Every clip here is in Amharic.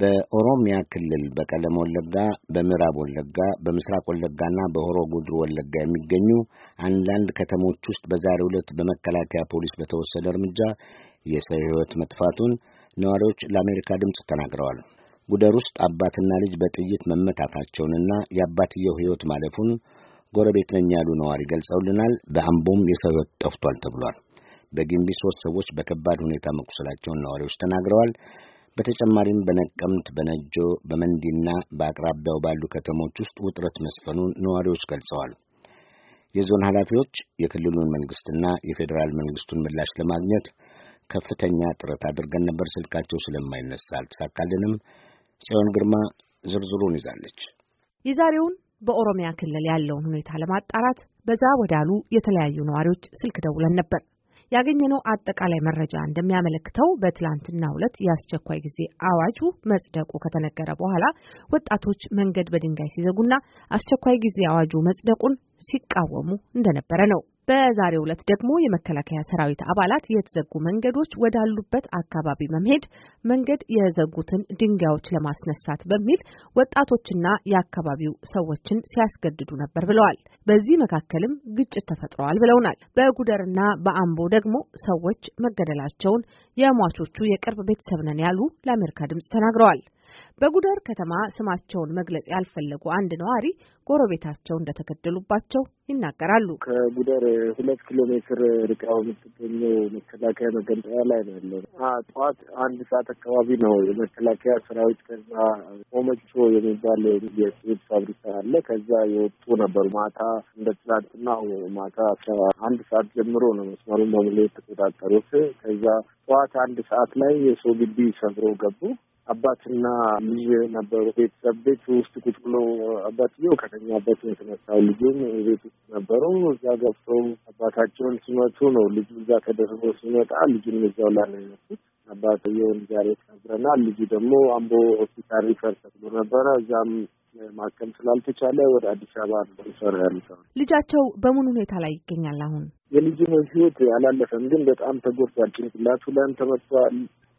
በኦሮሚያ ክልል በቀለም ወለጋ፣ በምዕራብ ወለጋ፣ በምስራቅ ወለጋና በሆሮ ጉድሩ ወለጋ የሚገኙ አንዳንድ ከተሞች ውስጥ በዛሬው ዕለት በመከላከያ ፖሊስ በተወሰደ እርምጃ የሰው ሕይወት መጥፋቱን ነዋሪዎች ለአሜሪካ ድምፅ ተናግረዋል። ጉደር ውስጥ አባትና ልጅ በጥይት መመታታቸውንና የአባትየው ሕይወት ማለፉን ጎረቤት ነኝ ያሉ ነዋሪ ገልጸውልናል። በአምቦም የሰው ሕይወት ጠፍቷል ተብሏል። በጊምቢ ሶስት ሰዎች በከባድ ሁኔታ መቁሰላቸውን ነዋሪዎች ተናግረዋል። በተጨማሪም በነቀምት፣ በነጆ፣ በመንዲና በአቅራቢያው ባሉ ከተሞች ውስጥ ውጥረት መስፈኑን ነዋሪዎች ገልጸዋል። የዞን ኃላፊዎች የክልሉን መንግስትና የፌዴራል መንግስቱን ምላሽ ለማግኘት ከፍተኛ ጥረት አድርገን ነበር። ስልካቸው ስለማይነሳ አልተሳካልንም። ጽዮን ግርማ ዝርዝሩን ይዛለች። የዛሬውን በኦሮሚያ ክልል ያለውን ሁኔታ ለማጣራት በዛ ወዳሉ የተለያዩ ነዋሪዎች ስልክ ደውለን ነበር። ያገኘነው አጠቃላይ መረጃ እንደሚያመለክተው በትላንትናው ዕለት የአስቸኳይ ጊዜ አዋጁ መጽደቁ ከተነገረ በኋላ ወጣቶች መንገድ በድንጋይ ሲዘጉና አስቸኳይ ጊዜ አዋጁ መጽደቁን ሲቃወሙ እንደነበረ ነው። በዛሬው ዕለት ደግሞ የመከላከያ ሰራዊት አባላት የተዘጉ መንገዶች ወዳሉበት አካባቢ በመሄድ መንገድ የዘጉትን ድንጋዮች ለማስነሳት በሚል ወጣቶችና የአካባቢው ሰዎችን ሲያስገድዱ ነበር ብለዋል። በዚህ መካከልም ግጭት ተፈጥረዋል ብለውናል። በጉደርና በአምቦ ደግሞ ሰዎች መገደላቸውን የሟቾቹ የቅርብ ቤተሰብ ነን ያሉ ለአሜሪካ ድምጽ ተናግረዋል። በጉደር ከተማ ስማቸውን መግለጽ ያልፈለጉ አንድ ነዋሪ ጎረቤታቸው እንደተገደሉባቸው ይናገራሉ። ከጉደር ሁለት ኪሎ ሜትር ርቃ የምትገኘው መከላከያ መገንጠያ ላይ ነው ያለ። ጠዋት አንድ ሰዓት አካባቢ ነው የመከላከያ ሰራዊት ከዛ ኦመቾ የሚባል የስዊት ፋብሪካ አለ ከዛ የወጡ ነበሩ። ማታ እንደ ትናንትና ማታ አንድ ሰዓት ጀምሮ ነው መስመሩን በሙሉ የተቆጣጠሩት። ከዛ ጠዋት አንድ ሰዓት ላይ የሰው ግቢ ሰብረው ገቡ። አባትና ልጅ ነበሩ። ቤተሰብ ቤት ውስጥ ቁጭ ብለው አባትየው ከተኛበት የተነሳው ልጁም ቤት ውስጥ ነበሩ። እዛ ገብተው አባታቸውን ሲመቱ ነው። ልጁ እዛ ተደርጎ ሲመጣ ልጁን እዛው ላይ ነው የመቱት። አባትየውን ዛሬ ቀብረናል። ልጁ ደግሞ አምቦ ሆስፒታል ሪፈር ተብሎ ነበረ እዛም ማከም ስላልተቻለ ወደ አዲስ አበባ ሪፈር ያሉሰው ልጃቸው በምን ሁኔታ ላይ ይገኛል? አሁን የልጅ ህይወት አላለፈም፣ ግን በጣም ተጎድቷል። ጭንቅላቱ ላይም ተመቷል።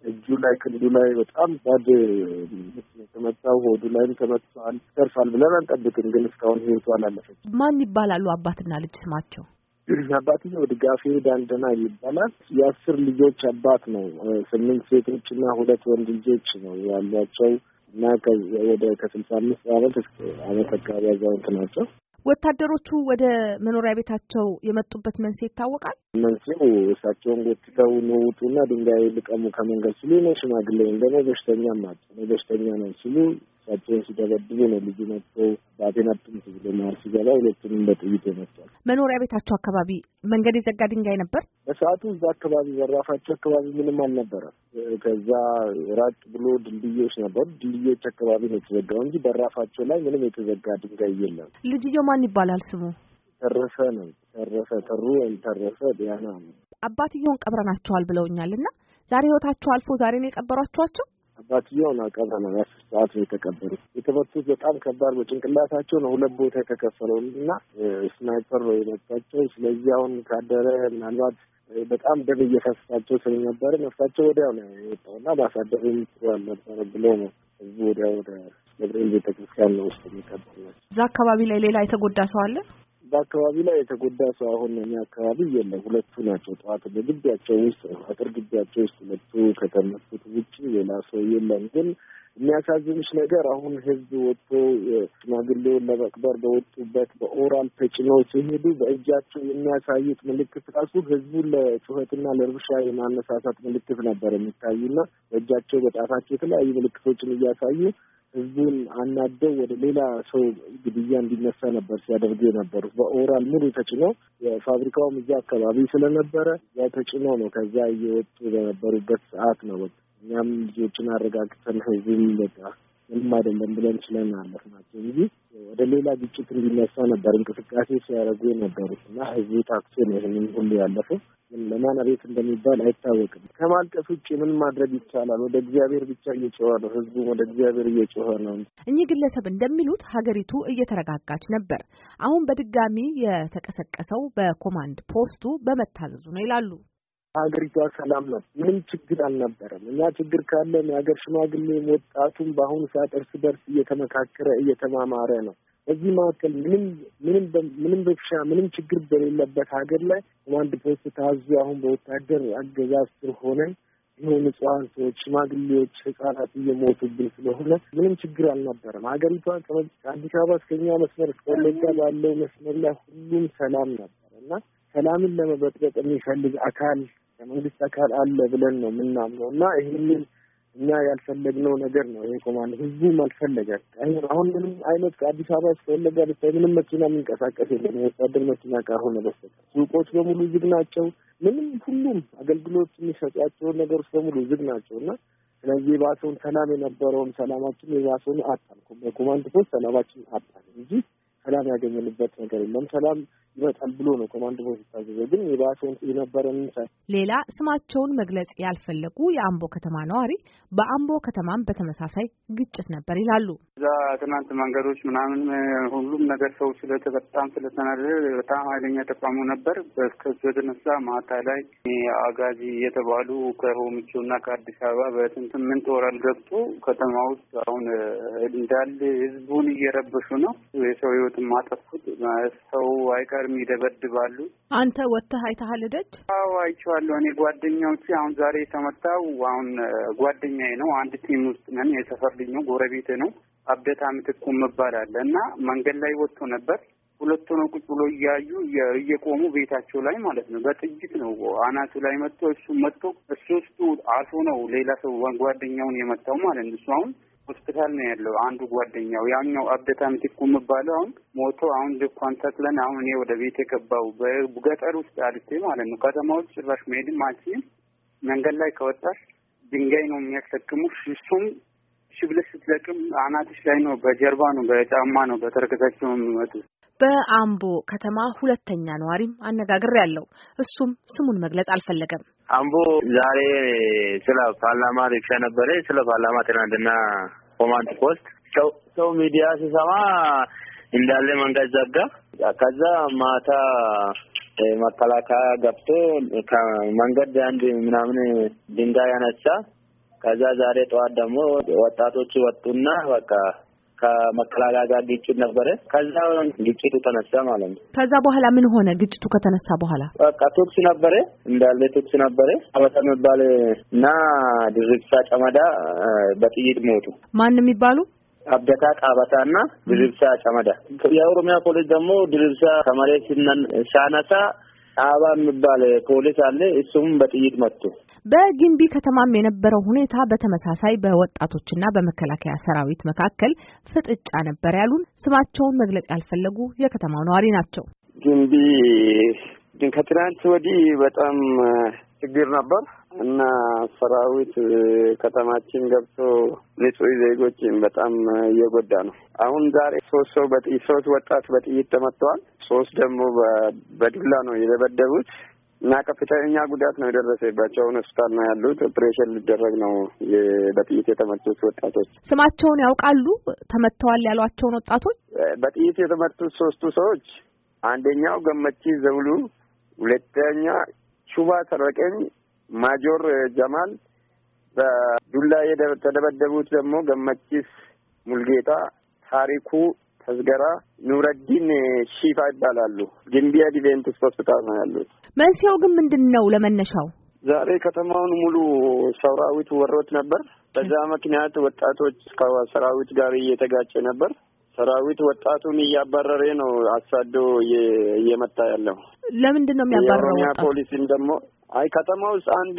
እጁ ላይ ክንዱ ላይ በጣም ባድ የተመታው ሆዱ ላይም ተመቷል። ተርፋል ብለን አንጠብቅም፣ ግን እስካሁን ህይወቱ አላለፈች። ማን ይባላሉ አባትና ልጅ ስማቸው? አባትየው ድጋፌ ዳንደና ይባላል። የአስር ልጆች አባት ነው። ስምንት ሴቶችና ሁለት ወንድ ልጆች ነው ያሏቸው። እና ወደ ከስልሳ አምስት አመት እስከ አመት አካባቢ አዛውንት ናቸው። ወታደሮቹ ወደ መኖሪያ ቤታቸው የመጡበት መንስኤ ይታወቃል። መንስኤው እሳቸውን ጎትተው ንውጡና ድንጋይ ልቀሙ ከመንገድ ሲሉ ነው። ሽማግሌ ደግሞ በሽተኛ ማ በሽተኛ ነው ሲሉ እሳቸውን ሲደበድቡ ነው ልጁ መጥቶ አባቴን አትምቱ ብሎ መሀል ሲገባ ሁለቱንም በጥይት የመቷል። መኖሪያ ቤታቸው አካባቢ መንገድ የዘጋ ድንጋይ ነበር። በሰዓቱ እዛ አካባቢ በራፋቸው አካባቢ ምንም አልነበረም። ከዛ ራቅ ብሎ ድልድዮች ነበሩ። ድልድዮች አካባቢ ነው የተዘጋው እንጂ በራፋቸው ላይ ምንም የተዘጋ ድንጋይ የለም። ልጅየው ማን ይባላል ስሙ? ተረፈ ነው ተረፈ ተሩ ወይም ተረፈ ቢያና። አባትየውን ቀብረናቸዋል ብለውኛል እና ዛሬ ህይወታቸው አልፎ ዛሬ ነው የቀበሯቸዋቸው አባትየውን አቀብረ ነው ያስር ሰዓት ነው የተቀበሩት። የተመቱት በጣም ከባድ በጭንቅላታቸው ነው ሁለት ቦታ የተከፈለው እና ስናይፐር ነው የመታቸው። ስለዚህ አሁን ካደረ ምናልባት በጣም ደም እየፈሰሳቸው ስለነበረ ነፍሳቸው ወዲያው ነው የወጣው እና ማሳደር የሚችሉ አልነበረ ብሎ ነው እዚህ ወዲያ ወደ ገብርኤል ቤተክርስቲያን ነው ውስጥ የሚቀበል ናቸው። እዛ አካባቢ ላይ ሌላ የተጎዳ ሰው አለ? በአካባቢ ላይ የተጎዳ ሰው አሁን እኛ አካባቢ የለም። ሁለቱ ናቸው። ጠዋት በግቢያቸው ውስጥ አጥር ግቢያቸው ውስጥ ሁለቱ ከተመቱት ውጭ ሌላ ሰው የለም። ግን የሚያሳዝንሽ ነገር አሁን ህዝብ ወጥቶ ሽማግሌውን ለመቅበር በወጡበት በኦራል ተጭኖ ሲሄዱ በእጃቸው የሚያሳዩት ምልክት ራሱ ህዝቡን ለጩኸትና ለርብሻ የማነሳሳት ምልክት ነበር የሚታዩና በእጃቸው በጣታቸው የተለያዩ ምልክቶችን እያሳዩ ህዝቡን አናደው ወደ ሌላ ሰው ግድያ እንዲነሳ ነበር ሲያደርጉ የነበሩት። በኦራል ሙሉ ተጭኖ የፋብሪካውም እዛ አካባቢ ስለነበረ ያ ተጭኖ ነው ከዛ እየወጡ በነበሩበት ሰዓት ነው። እኛም ልጆችን አረጋግተን ህዝብም በቃ ምንም አይደለም ብለን ችለን አለፍናቸው እንጂ ሌላ ግጭት እንዲነሳ ነበር እንቅስቃሴ ሲያደርጉ የነበሩት እና ህዝቡ ታክሶ ነው ይህንን ሁሉ ያለፈው። ግን ለማን ቤት እንደሚባል አይታወቅም። ከማልቀስ ውጭ ምን ማድረግ ይቻላል? ወደ እግዚአብሔር ብቻ እየጮኸ ነው ህዝቡ፣ ወደ እግዚአብሔር እየጮኸ ነው። እኚህ ግለሰብ እንደሚሉት ሀገሪቱ እየተረጋጋች ነበር። አሁን በድጋሚ የተቀሰቀሰው በኮማንድ ፖስቱ በመታዘዙ ነው ይላሉ። ሀገሪቷ ሰላም ነው። ምንም ችግር አልነበረም። እኛ ችግር ካለን የሀገር ሽማግሌም ወጣቱም በአሁኑ ሰዓት እርስ በርስ እየተመካከረ እየተማማረ ነው። በዚህ መካከል ምንም ምንም ምንም ረብሻ ምንም ችግር በሌለበት ሀገር ላይ ኮማንድ ፖስት ታዙ አሁን በወታደር አገዛዝ ስር ሆነን ይሁን ንጹሐን ሰዎች፣ ሽማግሌዎች፣ ህጻናት እየሞቱብን ስለሆነ ምንም ችግር አልነበረም። ሀገሪቷ ከአዲስ አበባ እስከኛ መስመር እስከወለጋ ባለው መስመር ላይ ሁሉም ሰላም ነበር እና ሰላምን ለመበጥበጥ የሚፈልግ አካል የመንግስት አካል አለ ብለን ነው የምናምነው እና ይህንን እኛ ያልፈለግነው ነገር ነው። ይሄ ኮማንድ ህዝቡም አልፈለገም። አሁን ምንም አይነት ከአዲስ አበባ እስከወለጋ በስታይ ምንም መኪና የሚንቀሳቀስ የለም የወታደር መኪና ካልሆነ በስተቀር ሱቆች በሙሉ ዝግ ናቸው። ምንም ሁሉም አገልግሎት የሚሰጧቸውን ነገሮች በሙሉ ዝግ ናቸው እና ስለዚህ የባሰውን ሰላም የነበረውን ሰላማችን የባሰውን አጣል በኮማንድ ፖስት ሰላማችን አጣል እንጂ ሰላም ያገኘንበት ነገር የለም። ሰላም ይመጣል ብሎ ነው ኮማንድ ቦ ሲታዘዘ ግን የባሰውን የነበረን ሌላ ስማቸውን መግለጽ ያልፈለጉ የአምቦ ከተማ ነዋሪ በአምቦ ከተማም በተመሳሳይ ግጭት ነበር ይላሉ። እዛ ትናንት መንገዶች ምናምን ሁሉም ነገር ሰው ስለተ በጣም ስለተናደደ በጣም ኃይለኛ ተቋሙ ነበር። በስከሱ የተነሳ ማታ ላይ አጋዚ የተባሉ ከሆሚቾና ከአዲስ አበባ በትንትምንት ወራል ገብቶ ከተማ ውስጥ አሁን እንዳለ ህዝቡን እየረበሹ ነው የሰው ህይወት ጥፋትም አጠፉት። ሰው አይቀርም ይደበድባሉ። አንተ ወጥተህ አይተሃል? ደጅ አዎ፣ አይቼዋለሁ። እኔ ጓደኛዎቼ አሁን ዛሬ የተመታው አሁን ጓደኛዬ ነው። አንድ ቲም ውስጥ ነን። የሰፈር ነው፣ ጎረቤት ነው። አብደታ ምትኩ ምባላለ እና መንገድ ላይ ወጥቶ ነበር። ሁለቱ ነው ቁጭ ብሎ እያዩ እየቆሙ ቤታቸው ላይ ማለት ነው። በጥይት ነው አናቱ ላይ መጥቶ እሱ መጥቶ እሱ ውስጡ አልፎ ነው ሌላ ሰው ጓደኛውን የመታው ማለት ነው። እሱ አሁን ሆስፒታል ነው ያለው። አንዱ ጓደኛው ያኛው አብደታ ምትኩ የምባለው አሁን ሞቶ አሁን ልኳን ተክለን አሁን እኔ ወደ ቤት የገባው በገጠር ውስጥ አልቴ ማለት ነው። ከተማዎች ጭራሽ መሄድም አልችልም። መንገድ ላይ ከወጣሽ ድንጋይ ነው የሚያሸክሙሽ። እሱም ሽብለሽ ስትለቅም አናትሽ ላይ ነው፣ በጀርባ ነው፣ በጫማ ነው፣ በተረከዛቸው ነው የሚመጡት። በአምቦ ከተማ ሁለተኛ ነዋሪም አነጋግሬ ያለው እሱም ስሙን መግለጽ አልፈለገም። አምቦ ዛሬ ስለ ፓርላማ ሪክሻ ነበረ። ስለ ፓርላማ ትናንትና ኮማንድ ፖስት ሰው ሚዲያ ሲሰማ እንዳለ መንገድ ዘጋ። ከዛ ማታ መከላከያ ገብቶ መንገድ አንድ ምናምን ድንጋይ ያነሳ። ከዛ ዛሬ ጠዋት ደግሞ ወጣቶች ወጡና በቃ ከመከላከያ ጋር ግጭት ነበረ። ከዛ ግጭቱ ተነሳ ማለት ነው። ከዛ በኋላ ምን ሆነ? ግጭቱ ከተነሳ በኋላ በቃ ቶክስ ነበረ እንዳለ ቶክስ ነበረ። አበታ የሚባል እና ድርብሳ ጨመዳ በጥይት ሞቱ። ማን የሚባሉ አብደታ ቃበታ እና ድርብሳ ጨመዳ። የኦሮሚያ ፖሊስ ደግሞ ድርብሳ ከመሬት ሲነሳ አባ የሚባል ፖሊስ አለ። እሱም በጥይት መቱ። በግንቢ ከተማም የነበረው ሁኔታ በተመሳሳይ በወጣቶችና በመከላከያ ሰራዊት መካከል ፍጥጫ ነበር ያሉን ስማቸውን መግለጽ ያልፈለጉ የከተማው ነዋሪ ናቸው። ግንቢ ከትናንት ወዲህ በጣም ችግር ነበር እና ሰራዊት ከተማችን ገብቶ ንጹህ ዜጎችን በጣም እየጎዳ ነው። አሁን ዛሬ ሶስት ሰው ሶስት ወጣት በጥይት ተመትተዋል። ሶስት ደግሞ በዱላ ነው የደበደቡት እና ከፍተኛ ጉዳት ነው የደረሰባቸው። አሁን ሆስፒታል ነው ያሉት። ኦፕሬሽን ሊደረግ ነው በጥይት የተመቱት ወጣቶች። ስማቸውን ያውቃሉ? ተመተዋል ያሏቸውን ወጣቶች በጥይት የተመቱት ሶስቱ ሰዎች አንደኛው ገመቺ ዘውሉ፣ ሁለተኛ ሹባ ተረቀኝ፣ ማጆር ጀማል፣ በዱላ የተደበደቡት ደግሞ ገመቺስ ሙልጌታ፣ ታሪኩ ተዝገራ፣ ኑረዲን ሺፋ ይባላሉ። ግንቢያ ዲቬንትስ ሆስፒታል ነው ያሉት። መንስኤው ግን ምንድን ነው? ለመነሻው ዛሬ ከተማውን ሙሉ ሰራዊት ወሮት ነበር። በዛ ምክንያት ወጣቶች ከሰራዊት ጋር እየተጋጨ ነበር። ሰራዊት ወጣቱን እያባረሬ ነው አሳዶ እየመጣ ያለው። ለምንድን ነው የሚያባረረው? የኦሮሚያ ደግሞ አይ ከተማ ውስጥ አንድ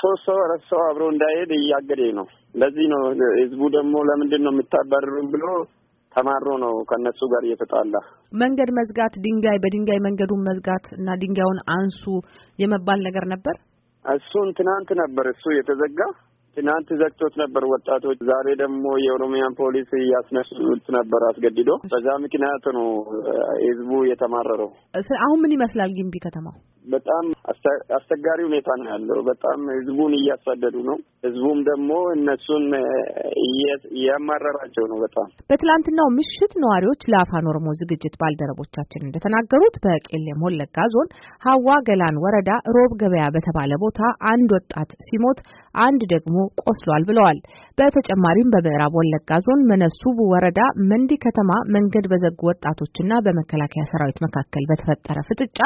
ሶስት ሰው አራት ሰው አብሮ እንዳይሄድ እያገደ ነው። ለዚህ ነው ህዝቡ ደግሞ ለምንድን ነው የምታባረሩም ብሎ ተማሮ ነው ከነሱ ጋር እየተጣላ መንገድ መዝጋት፣ ድንጋይ በድንጋይ መንገዱን መዝጋት እና ድንጋዩን አንሱ የመባል ነገር ነበር። እሱን ትናንት ነበር እሱ የተዘጋ ትናንት ዘግቶት ነበር ወጣቶች። ዛሬ ደግሞ የኦሮሚያን ፖሊስ እያስነሱት ነበር አስገድዶ። በዛ ምክንያት ነው ህዝቡ የተማረረው። አሁን ምን ይመስላል ግንቢ ከተማው? በጣም አስቸጋሪ ሁኔታ ነው ያለው። በጣም ህዝቡን እያሳደዱ ነው። ህዝቡም ደግሞ እነሱን እያማረራቸው ነው። በጣም በትላንትናው ምሽት ነዋሪዎች ለአፋን ኦሮሞ ዝግጅት ባልደረቦቻችን እንደተናገሩት በቄሌ ወለጋ ዞን ሀዋ ገላን ወረዳ ሮብ ገበያ በተባለ ቦታ አንድ ወጣት ሲሞት አንድ ደግሞ ቆስሏል ብለዋል። በተጨማሪም በምዕራብ ወለጋ ዞን መነሱቡ ወረዳ መንዲ ከተማ መንገድ በዘጉ ወጣቶችና በመከላከያ ሰራዊት መካከል በተፈጠረ ፍጥጫ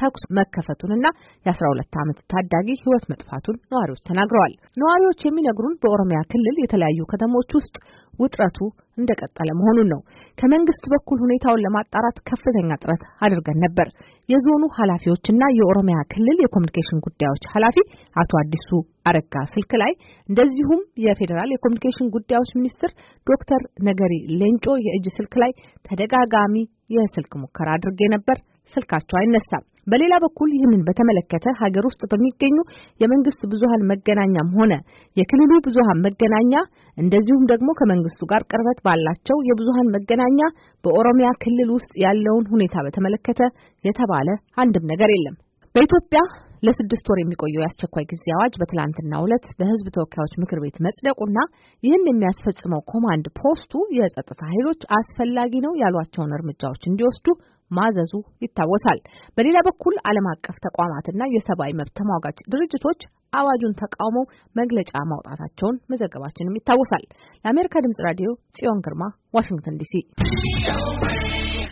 ተኩስ መከፈቱንና የአስራ ሁለት ዓመት ታዳጊ ሕይወት መጥፋቱን ነዋሪዎች ተናግረዋል። ነዋሪዎች የሚነግሩን በኦሮሚያ ክልል የተለያዩ ከተሞች ውስጥ ውጥረቱ እንደቀጠለ መሆኑን ነው። ከመንግስት በኩል ሁኔታውን ለማጣራት ከፍተኛ ጥረት አድርገን ነበር። የዞኑ ኃላፊዎችና የኦሮሚያ ክልል የኮሚኒኬሽን ጉዳዮች ኃላፊ አቶ አዲሱ አረጋ ስልክ ላይ እንደዚሁም የፌዴራል የኮሚኒኬሽን ጉዳዮች ሚኒስትር ዶክተር ነገሪ ሌንጮ የእጅ ስልክ ላይ ተደጋጋሚ የስልክ ሙከራ አድርጌ ነበር። ስልካቸው አይነሳም። በሌላ በኩል ይህንን በተመለከተ ሀገር ውስጥ በሚገኙ የመንግስት ብዙሃን መገናኛም ሆነ የክልሉ ብዙሃን መገናኛ እንደዚሁም ደግሞ ከመንግስቱ ጋር ቅርበት ባላቸው የብዙሃን መገናኛ በኦሮሚያ ክልል ውስጥ ያለውን ሁኔታ በተመለከተ የተባለ አንድም ነገር የለም። በኢትዮጵያ ለስድስት ወር የሚቆየው የአስቸኳይ ጊዜ አዋጅ በትላንትናው ዕለት በህዝብ ተወካዮች ምክር ቤት መጽደቁና ይህን የሚያስፈጽመው ኮማንድ ፖስቱ የጸጥታ ኃይሎች አስፈላጊ ነው ያሏቸውን እርምጃዎች እንዲወስዱ ማዘዙ ይታወሳል። በሌላ በኩል ዓለም አቀፍ ተቋማትና የሰብአዊ መብት ተሟጋች ድርጅቶች አዋጁን ተቃውመው መግለጫ ማውጣታቸውን መዘገባችንም ይታወሳል። ለአሜሪካ ድምጽ ራዲዮ ጽዮን ግርማ ዋሽንግተን ዲሲ